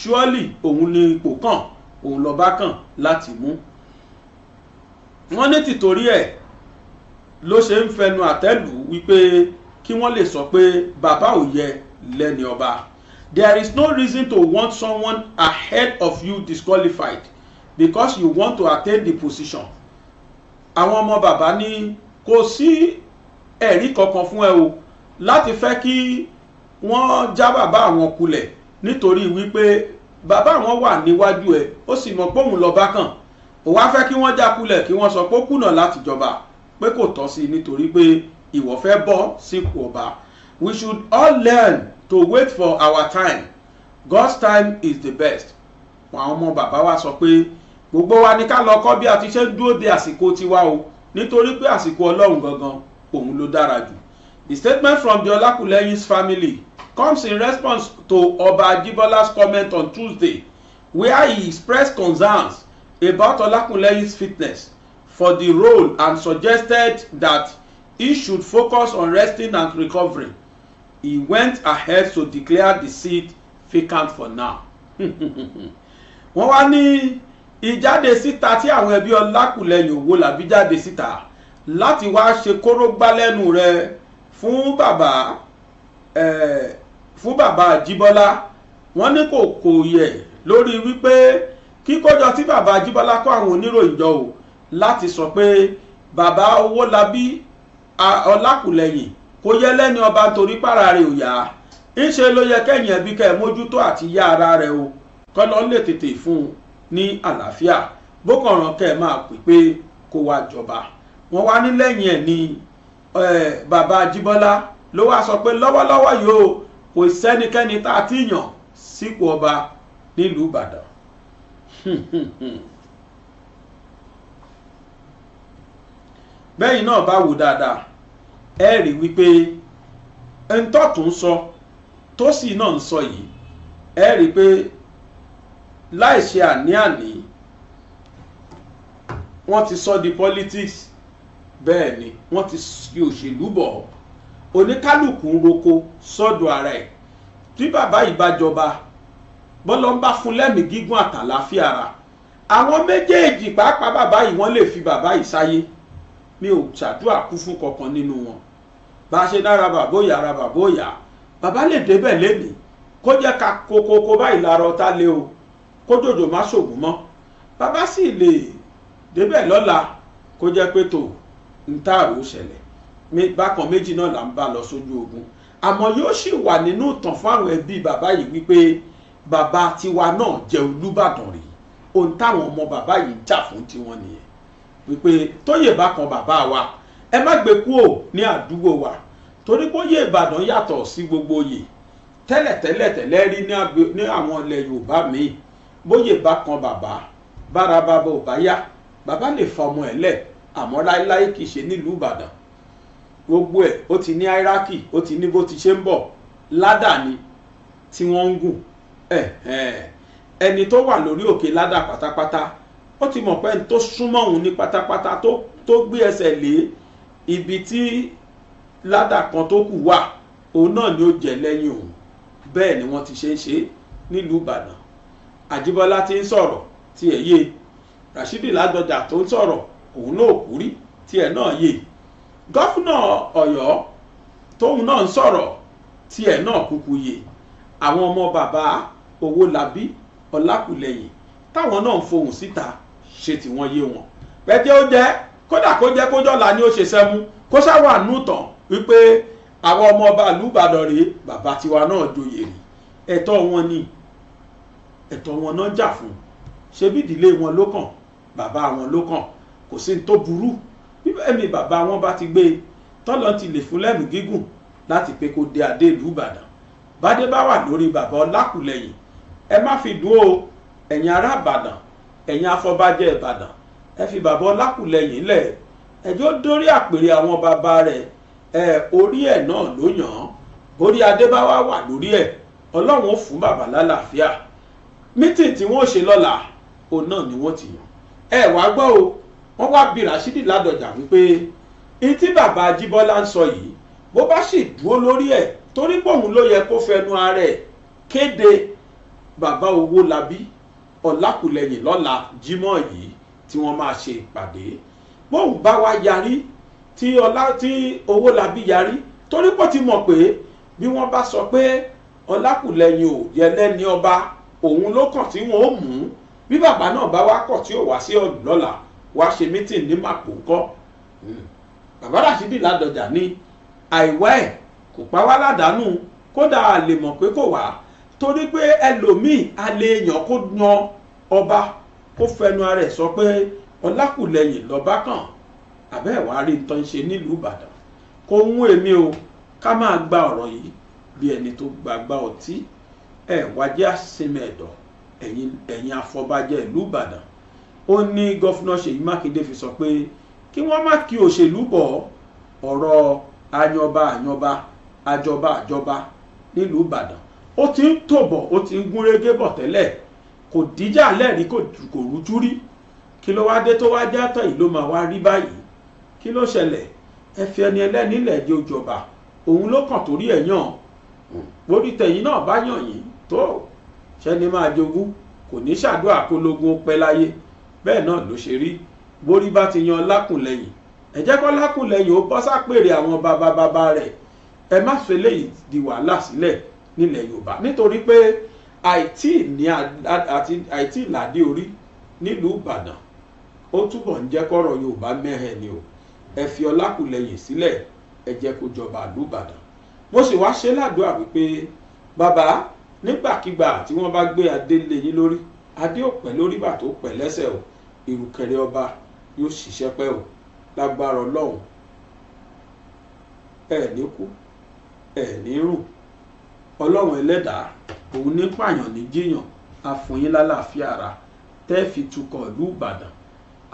ṣúọ́lì òun ní ipò kàn òun lọ́ba kàn láti mú wọ́n ní tìtorí ẹ̀ ló ṣe ń fẹnu àtẹ́lù wípé kí wọ́n lè sọ pé bàbá ò yẹ lẹ́ni ọba There is no reason to want someone ahead of you disqualified because you want to attain the position. Àwọn ọmọ bàbá ní kò sí ẹ̀rí kankan fún ẹ o láti fẹ́ kí wọ́n já bàbá àwọn kulẹ̀ nítorí wípé bàbá àwọn wà níwájú ẹ ó sì mọ̀ póun lọ bá kàn ó wá fẹ́ kí wọ́n já kulẹ̀ kí wọ́n sọ pé ó kùnà láti jọba pé kò tọ́ sí i nítorí pé ìwọ fẹ́ bọ́ sípò ọba. We should all learn to wait for our time God's time is the best àwọn ọmọ bàbá wa sọ pé gbogbo wa ní ká lọ kọ́ bí a ti ṣe ń dúró de àsìkò tiwa o nítorí pé àsìkò ọlọ́run gangan òun ló dára jù the statement from the Olakunleyin's family comes in response to Ọba Ajibola's comment on Tuesday where he expressed concerns about Olakunleyin's fitness for the role and suggested that he should focus on resting and recovering he went ahead to declare the seat vacant for now. [LAUGHS] wọ́n wá ní ìjáde síta tí àwọn ẹbí ọlákùlẹ̀yìn òwò làbí jáde síta láti wá ṣe kóró gbá lẹ́nu rẹ̀ fún bàbá eh, fún bàbá àjíbọ́lá wọ́n ní kò kò yẹ̀ lórí wípé kíkójọ tí bàbá àjíbọ́lá kó àwọn oníròyìn jọ o láti sọ pé bàbá owó labí ọlákùlẹ̀yìn kò yẹ lẹ́ni ọba torí para rẹ̀ ò yá ńṣe ló yẹ kẹ́yìn ẹbí kẹ́ ẹ mójútó àti yá ara rẹ̀ o kọ́lọ́ lè tètè fún un ní àlàáfíà bó kàn ràn kẹ́ ẹ máa pè pé kó wá jọba wọ́n wá ní lẹ́yìn ẹ̀ ni bàbá Ajíbọ́lá ló wá sọ pé lọ́wọ́lọ́wọ́ yìí kò sẹ́nikẹ́ni tá a ti yàn sípò ọba nílùú Ìbàdàn [LAUGHS] bẹ́yìn náà bá wò dáadáa ẹ rí wípé ntọ́tún sọ tósì náà ń sọ yìí ẹ rí pé láì ṣe àní-àní wọ́n ti sọ di politics bẹ́ẹ̀ ni wọ́n ti fi òṣèlú bọ̀ oníkálukú ń roko sọ́dọ̀ ara ẹ̀ tí bàbá yìí bá jọba bọ́lọ́ ń bá fún lẹ́mìí gígùn àtàláfíà ara àwọn méjèèjì pàápàá bàbá yìí wọ́n lè fi bàbá yìí sáyé mi ò ṣàdúrà kú fún kankan nínú wọn bá a ṣe dára bàbá òyà ara bàbá òyà bàbá lè débẹ̀ lénìí kó jẹ́ ká kokoko báyìí lára ọ̀tá lé o kó jòjò má ṣògùn mọ́ bàbá sì lè débẹ̀ lọ́la kó jẹ́ pé tò ń tààrò ṣẹlẹ̀ bákan méjì náà là ń bá lọ sójú ogun àmọ́ yóò sì wà nínú ìtàn fún àwọn ẹbí bàbá yìí wípé bàbá tiwa náà jẹ́ Olúbàdàn rí ohun táwọn ọmọ bàbá yìí jà fún tiwọn nìyẹn wípé tóyè bá kan bàbá wa ẹ má gbé kúò ní àdúgbò wa torí pé oyè ìbàdàn yàtọ̀ sí gbogbo oyè tẹ́lẹ̀tẹ́lẹ̀ tẹ́lẹ̀ rí ní àwọn ilẹ̀ yorùbá míì bóyè bá kan bàbá bára bàbá ò bá yá bàbá lè fọmọ ẹ̀ lẹ̀ àmọ́ láéláé kìí ṣe nílùú ìbàdàn gbogbo ẹ̀ ó ti ní áíráàkì ó ti ní bó ti ṣe ń bọ̀ ládà ni tí wọ́n ń gùn ẹni tó wà lórí òkè ládà pátápátá ó ti mọ̀ pé ẹni tó súnmọ́ òun ní pátápátá tó gbé ẹsẹ̀ lé ibi tí ládà kan tó kù wà òun náà ni ó jẹ́ lẹ́yìn òun bẹ́ẹ̀ ni wọ́n ti ṣe ń ṣe nílùú Ìbàdàn Àjíbọ́lá ti ń sọ̀rọ̀ tí ẹ̀ yé Rashidi Ládọjà tó ń sọ̀rọ̀ òun náà kú rí tí ẹ̀ náà yé gọ́fúnà Ọ̀yọ́ tóun náà ń sọ̀rọ̀ tí ẹ̀ náà kúkú yé àwọn ọmọ bàbá Owólabí Ọlákùlẹ̀yìn táwọn náà ń fohùn síta ṣe tí wọ́n yé wọn pẹ́jẹ́ ó jẹ́ kódà kó jẹ́ kó jọ̀la ni ó ṣe sẹ́mu kó ṣàwà nù tán wípé àwọn ọmọ ọba ìlú Ìbàdàn rèé bàbá tiwa náà joyè rí ẹ̀tọ́ wọn ni ẹ̀tọ́ wọn náà jà fún ṣebí ìdílé wọn ló kàn bàbá wọn ló kàn kò sí ní tó burú bíbẹ́ẹ̀mí bàbá wọn bá ti gbé tọ́lọ́ ti lè fún lẹ́mìí gígùn láti pé kó dé adé ìlú Ìbàdàn bá wà lórí bàbá Ọlákùlẹ́yìn ẹ má fi dùn ó ẹ̀yin ará Ìbàdàn ẹ̀yin afọbajẹ ìbàdàn ẹ fi bàbá ọlákùlẹ̀yìn lẹ̀ ẹjọ́ dórí àpèrè àwọn bàbá rẹ̀ ẹ orí ẹ̀ náà ló yàn án borí adébáwá wà lórí ẹ̀ ọlọ́run ó fún bàbá lálàáfíà mítìn tí wọ́n ṣe lọ́la òun náà ni wọ́n ti yàn ẹ wàá gbọ́ o wọ́n wá bi Rashidi Ládọjà wípé ní tí bàbá Ajíbọ́lá ń sọ yìí bó bá sì dúró lórí ẹ̀ torí pòun ló yẹ kó fẹnu ara ẹ̀ kéde bàbá Owólabí ọ̀làkùlẹ̀yìn lọ́la jímọ̀ yìí tí wọ́n máa ṣe ìpàdé bóun bá wá yarí tí ọlá tí Owólabí yarí torí pọ̀ ti mọ̀ pé bí wọ́n bá sọ pé ọlákùlẹ̀yìn ò yẹlẹ́ ní ọba òun ló kàn tí wọ́n ó mú bí bàbá náà bá wá kọ̀ tí ò wá sí ọ̀dùn lọ́la wá ṣe mítìn ní màpò ńkọ́ hmm. bàbá Ràṣídì Ládọjà ní àìwá ẹ̀ kò pa wá ládàánú kódà a mọ̀ pé kò wá torí pé ẹlòmíì a lè yàn kó yan ọba kó fẹnu ara ẹ̀ sọ pé ọlákùlẹ̀yìn lọ́ba kàn àbẹ́ ìwà rí nǹkan ṣe nílùú ìbàdàn kó ń mú èmi o ká máa gba ọ̀rọ̀ yìí bí ẹni tó gbàgbá ọtí ẹ wájẹ́ àsinmi ẹ̀dọ̀ ẹ̀yin afọbajẹ ìlú ìbàdàn ó ní gọ́fúnà ṣèyí mákindé fi sọ pé kí wọ́n má kí òṣèlú bọ̀ ọ̀rọ̀ àyànba àyànba àjọba àjọba nílùú ìbàdàn ó ti ń tòbọ̀ ó ti ń gúnrégé bọ̀ tẹ́lẹ̀ kò díjà lẹ́rìí kò rújú rí kí ló wá dé tó wá játọ̀ yìí ló máa wá rí báyìí kí ló ṣẹlẹ̀ ẹ fi ẹni ẹlẹ́ni ilẹ̀ jẹ òjọba òun ló kàn torí ẹ̀ yàn orí tẹ̀yìn náà bá yàn yìí tó ṣẹni máa jogún kò ní ṣàdúrà kó lógun pẹ́ láyé bẹ́ẹ̀ náà ló ṣe rí borí bá ti yan lákùnlẹ́yìn ẹ jẹ́ kó lákùnlẹ́yìn ó bọ́ sápèrè àwọn bàbá bàbá rẹ̀ ẹ má fẹ́ lẹ́yìn di wàhálà sílẹ̀ si nílẹ̀ yorùbá nítorí pé àìtí ní àti àìtí ìlàdí orí nílùú ìbàdàn ó túbọ̀ ń jẹ́ kọ́rọ̀ yorùbá mẹ́hẹ̀ ni o ẹ fi ọlákùlẹ̀yìn sílẹ̀ ẹ jẹ́ kó jọba ìlú ìbàdàn mo sì wá ṣe ládùúrà wípé bàbá nígbàkigbà tí wọ́n bá gbé adé lé yín lórí adé ò pẹ́ lórí bà tó pẹ́ lẹ́sẹ̀ o ìrùkẹ̀rẹ̀ ọba yóò ṣiṣẹ́ pẹ́ o lágbára ọlọ́run ẹ̀ ní kú ẹ̀ ní rùn ọlọ́run ẹlẹ́dàá òun ní pààyàn ní jíyàn àfòyín lálàáfíà ara tẹ́ fi tukọ̀ ìlú ìbàdàn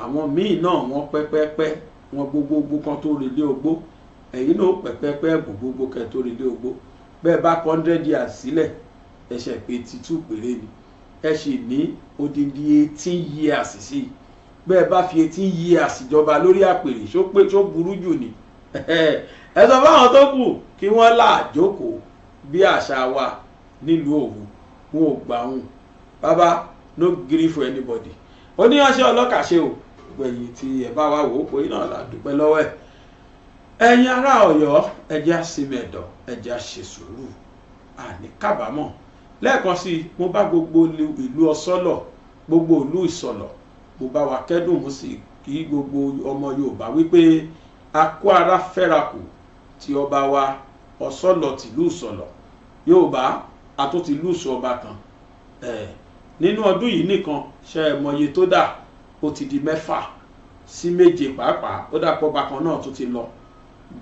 àwọn míì náà wọ́n pẹ́pẹ́pẹ́ wọn gbogbogbò kan tó relé ogbó ẹ̀yìn náà pẹ́pẹ́pẹ́ ẹ̀bùn gbogbo kẹ́ tó relé ogbó bẹ́ẹ̀ bá hundred years sílẹ̀ ẹ̀ṣẹ̀ pé titú péré ni ẹ sì ní odindi eighteen years sí i bẹ́ẹ̀ bá fi eighteen years jọba lórí àpèrè ṣó pé tó burú jù ni [LAUGHS] ẹ sọ fáwọn tó kù kí wọ́n là jókòó bí àṣà wa nílùú Òwu wọn ò gbà hùn bàbá no gree for anybody ó ní ọṣẹ́ o gbẹ̀yìn tí ẹ bá wá wò ó pé náà là dúpẹ́ lọ́wọ́ ẹ̀ ẹ̀yin ará Ọ̀yọ́ ẹ jẹ́ á sinmi ẹ̀dọ̀ ẹ jẹ́ á ṣe sùúrù àní kábàámọ̀ lẹ́ẹ̀kan sí i mo bá gbogbo ìlú ọsọ́lọ̀ gbogbo ìlú ìsọ̀lọ̀ mo bá wa kẹ́dùn mo sì kí gbogbo ọmọ Yorùbá wípé a kó ara fẹ́ra kù tí ọba wa ọsọ́lọ̀ tìlú ìsọ̀lọ̀ yorùbá àtúntì lùsù ọba kan nínú ọdún yìí nìkan ṣe mọye tó dà ó ti di mẹ́fà sí méje pàápàá ó dà pọ̀ bákan náà tó ti lọ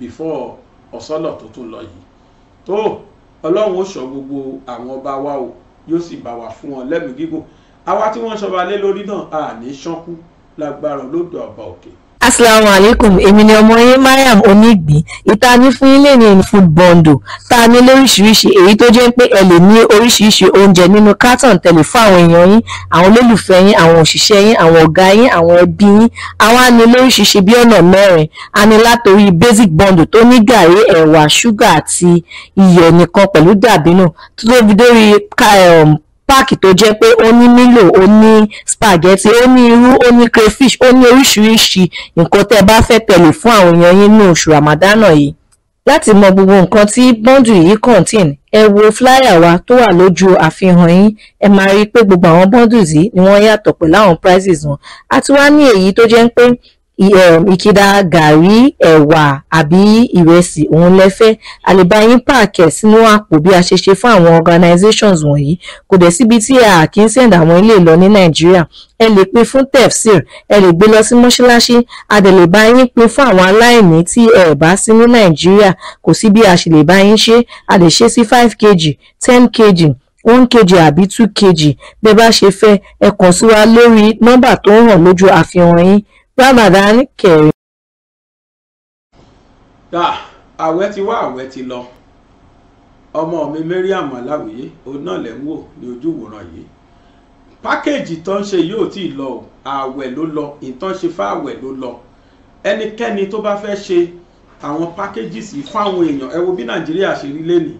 before ọ̀sọ́lọ̀ tó tún lọ yìí tó ọlọ́run ó ṣọ́ gbogbo àwọn ọba wa o yóò sì bá wa fún wọn lẹ́mìí gígùn àwa tí wọ́n ń ṣọba lé lórí náà à ṣánkú lágbára olódò ọba òkè. Okay asalaamu alaikum èmi ni ọmọ yín mariam onígbín ìtaní fún yín ní food tá a ní lóríṣiríṣi èyí tó jẹ́ pé ẹ lè ní oríṣiríṣi oúnjẹ nínú carton tẹ̀lé fún àwọn èèyàn yín àwọn olólùfẹ́ yín àwọn òṣìṣẹ́ yín àwọn ọ̀gá yín àwọn ẹbí yín àwọn á ní lóríṣiríṣi bí ọ̀nà mẹ́rin a ní látòrí basic bundle tó ní gàrí ẹ̀wà ṣúgà àti iyọ̀ nìkan pẹ̀lú dàbínù tó tóbi dórí um, páàkì tó jẹ́ pé ó ní mílò ó ní spaghetti ó ní irú ó ní crayfish ó ní oríṣiríṣi nǹkan tẹ́ bá fẹ́ tẹ̀lé fún àwọn èèyàn yín ní oṣù ramadana yìí láti mọ gbogbo nǹkan tí bọ́ndù yìí contain ẹ wo fúláyà wa tó wà lójú àfihàn yín ẹ máa rí i pé gbogbo àwọn bọ́ndù yìí ni wọ́n yàtọ̀ pẹ̀lú àwọn prices wọn àti wá ní èyí tó jẹ́ pé Um, ìkìdá gàrí ẹ̀wà àbí ìrẹsì òun lẹ́fẹ́ a lè bá yín pààkẹ́ sínú àpò bí a ṣe ṣe fún àwọn organizations wọ̀nyí kò dẹ̀ síbi tí a kì í send àwọn ilé lọ ní nàìjíríà ẹ lè pín fún tefsir ẹ lè gbé lọ sí mọ́ṣáláṣí a yín pín fún àwọn aláìní tí ẹ bá sí ní nàìjíríà kò sí bí a ṣe lè bá yín ṣe a lè ṣe sí five kg ten kg one kg àbí two kg bẹ́ẹ̀ bá ṣe fẹ́ ẹ kàn sí wa lórí nọ́mbà tó ń hàn lójú àfihàn yín Ramadan kẹrin. ta àwẹ̀ ti wá àwẹ̀ ti lọ ọmọ mi Mariam Aláwìyé òun náà lẹ́ ń wò ní ojúwòran yìí pákéèjì tó ń ṣe yóò tí ì lọ o àwẹ̀ ló lọ ìtàn ṣe fáwẹ̀ ló lọ ẹnikẹ́ni tó bá fẹ́ ṣe àwọn pákéjì sí fáwọn èèyàn ẹ wo bí Nàìjíríà ṣe rí lẹ́nìí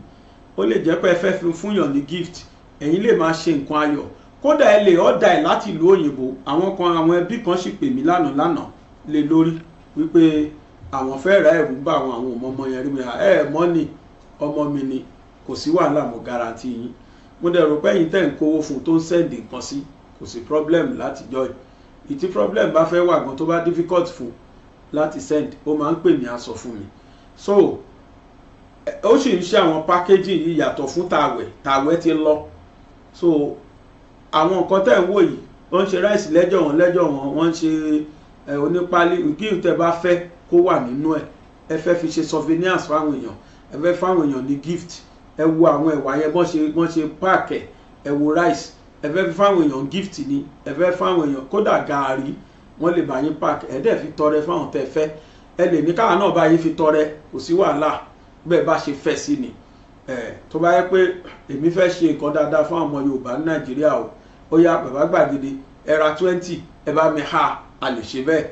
ó lè jẹ́ pé ẹ fẹ́ fi fúnyàn ní gift ẹ̀yin lè máa ṣe nǹkan ayọ̀ kódà ẹ lè ọ̀dà ẹ̀ láti ìlú òyìnbó àwọn kan àwọn ẹbí kan sì pè mí lánàá lánàá lé lórí wípé àwọn fẹ́ ra ẹ̀rù bá àwọn àwọn ọmọ ọmọ yẹn rí mi ra ah, ẹ̀ mọ́ ni ọmọ mi ni kò sí wàhálà mo garanti yín mo dẹ̀ rò pé ẹ̀yin tẹ̀ ń kówó fún tó ń sẹ́ǹdì nǹkan sí kò sí problem láti jọ ẹ̀ ìtí problem bá fẹ́ wà gan tó bá difficult fún láti send ó máa ń pè mí aṣọ fún mi so ó sì ń ṣe àwọn packaging yìí yàtọ̀ fún tàwẹ̀ tàwẹ̀ ti lọ so àwọn nǹkan tẹ̀ ń wò yìí wọ́n ń ṣe ráìsì lẹ́jọ̀ wọn lẹ́jọ̀ wọn wọ́n ń ṣe onípálí gíù tẹ́ bá fẹ́ kó wà nínú ẹ̀ ẹ fẹ́ fi ṣe souvenirs fáwọn èèyàn ẹ fẹ́ fáwọn èèyàn ní gift ẹ wo àwọn ẹ̀wà yẹn bọ́n ṣe bọ́n ṣe park ẹ̀ ẹ wo rice ẹ fẹ́ fi fáwọn èèyàn gift ni ẹ fẹ́ fáwọn èèyàn kódà gàárì wọ́n lè bá yín park ẹ dẹ̀ fi tọrẹ fáwọn tẹ́ fẹ́ ẹ lè ní káwọn náà bá yín fi tọrẹ kò sí wàhálà bẹ́ẹ̀ bá ṣe fẹ́ sí ni tó bá yẹ pé èmi fẹ́ ṣe nǹkan dáadáa fáwọn ọmọ Yorùbá ní Nàìjíríà o ó yá bàbá gbàgede ẹ twenty ẹ bá mi ha a lè ṣe bẹ́ẹ̀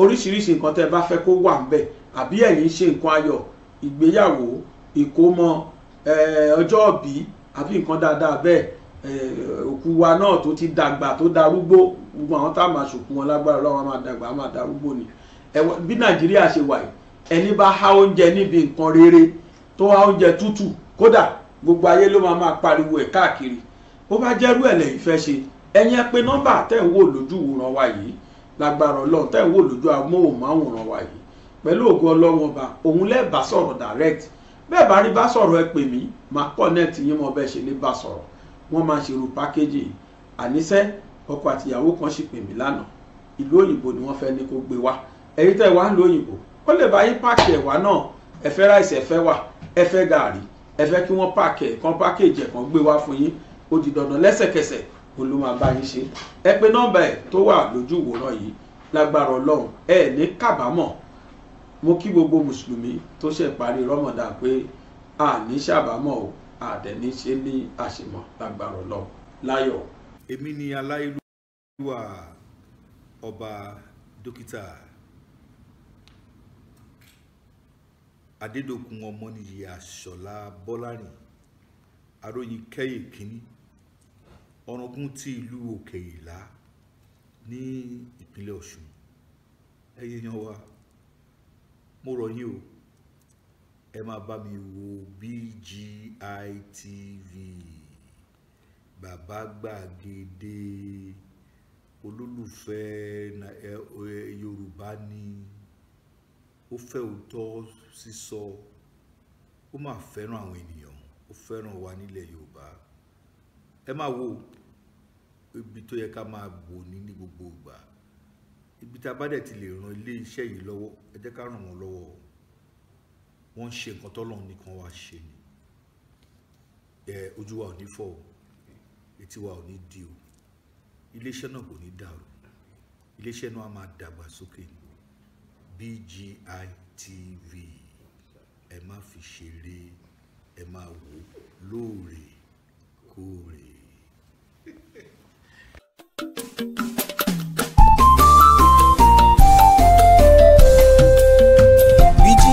oríṣiríṣi nǹkan tẹ́ ẹ bá fẹ́ kó wà ńbẹ̀ àbí ẹ̀yin ṣe nǹkan ayọ̀ ìgbéyàwó ìkómọ ọjọ́ òbí àbí nǹkan dáadáa bẹ́ẹ̀ òkú wa náà tó ti dàgbà tó darúgbó gbogbo àwọn tá a máa ṣòkú wọn lágbára lọ́wọ́ máa dàgbà máa darúgbó ni bí nàìjíríà ṣe wà yìí ẹni bá há oúnjẹ níbi nǹkan rere tó há oúnjẹ tútù kódà gbogbo ayé ló máa máa pariwo ẹ̀ káàkiri bó bá jẹ́rú ẹ̀ lẹ́yìn fẹ́ ṣe ẹ̀yin ẹ pè nọ́mbà tẹ̀ ń wò lójú ìwòran wa yìí lágbára ọlọ́run tẹ̀ ń wò lójú amóhùnmáwòrán wa yìí pẹ̀lú ògo ọlọ́run ọba òun lẹ́ẹ̀ bá sọ̀rọ̀ direct bẹ́ẹ̀ bá rí bá sọ̀rọ̀ ẹ pè mí máa connect yín mọ́ bẹ́ẹ̀ ṣe lè bá sọ̀rọ̀ wọ́n máa ṣe irú pákéjì yìí àníṣẹ́ ọkọ àtìyàwó kan sì pè mí lánàá ìlú òyìnbó ni wọ́n fẹ́ ní kó gbé wá ẹ̀yin tẹ́ wá ń lo òyìnbó ó lè bá yín páàkì ẹ̀wà náà ẹ fẹ́ ráìsì ẹ fẹ́ wà ẹ fẹ́ gààrí ẹ fẹ́ kí wọ́n ó di dandan lẹ́sẹ̀kẹsẹ̀ òun ló máa bá yín ṣe ẹ pé nọ́mbà ẹ̀ tó wà lójú ìwòran yìí lágbára ọlọ́run ẹ ní kábàámọ̀ mo kí gbogbo mùsùlùmí tó ṣe parí rọ́mọ̀dà pé a ní ṣàbámọ̀ o àdẹ̀ní ṣe ní àṣemọ̀ lágbára ọlọ́run láyọ̀. èmi ni aláìlúwà ọba dókítà adédọ̀kun ọmọnìyí àṣọlá aróyin kẹ́yìn kínní ọ̀ràngún ti ìlú òkè ìlà ní ìpínlẹ̀ ọ̀ṣun ẹ̀yin yan wa mo rọ̀ yín o ẹ máa bá mi wo BGI TV bàbá gbàgede olólùfẹ́ yorùbá ni ó fẹ́ òótọ́ sísọ ó máa fẹ́ràn àwọn ènìyàn ó fẹ́ràn wa nílẹ̀ yorùbá ẹ máa wo ibi tó yẹ ká máa bò ní ní gbogbo ìgbà ibi tá a bá dẹ̀ ti lè ran ilé iṣẹ́ yìí lọ́wọ́ ẹ jẹ́ ká ràn wọ́n lọ́wọ́ wọ́n ń ṣe nǹkan tọ́lọ́run nìkan wá ṣe ni ẹ ojú wa ò ní fọ́ o etí wa ò ní di o iléeṣẹ́ náà kò ní dàrú iléeṣẹ́ náà á máa dàgbà sókè ni BGI TV ẹ má fi ṣeré ẹ máa wò lóòrèkóòrè.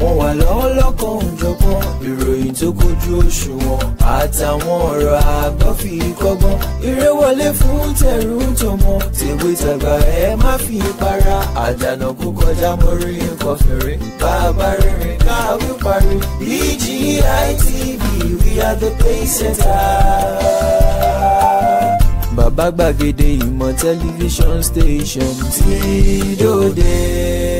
wọ́n wà lọ́wọ́ lọ́kọ̀ òjọ̀gbọ́n ìròyìn tó kojú òṣùwọ̀n àtàwọn ọ̀rọ̀ àgbọ́ kọ́gbọ́n eré wọlé fún tẹ̀rù tọmọ tèwe tàgbà ẹ má fi para àdànà kó kọjá mọ́rí nǹkan fèrè bàbá rere káwí parí BGI e we are the pace center, bàbá gbàgede ìmọ̀ tẹlifíṣọ̀n station ti dòde.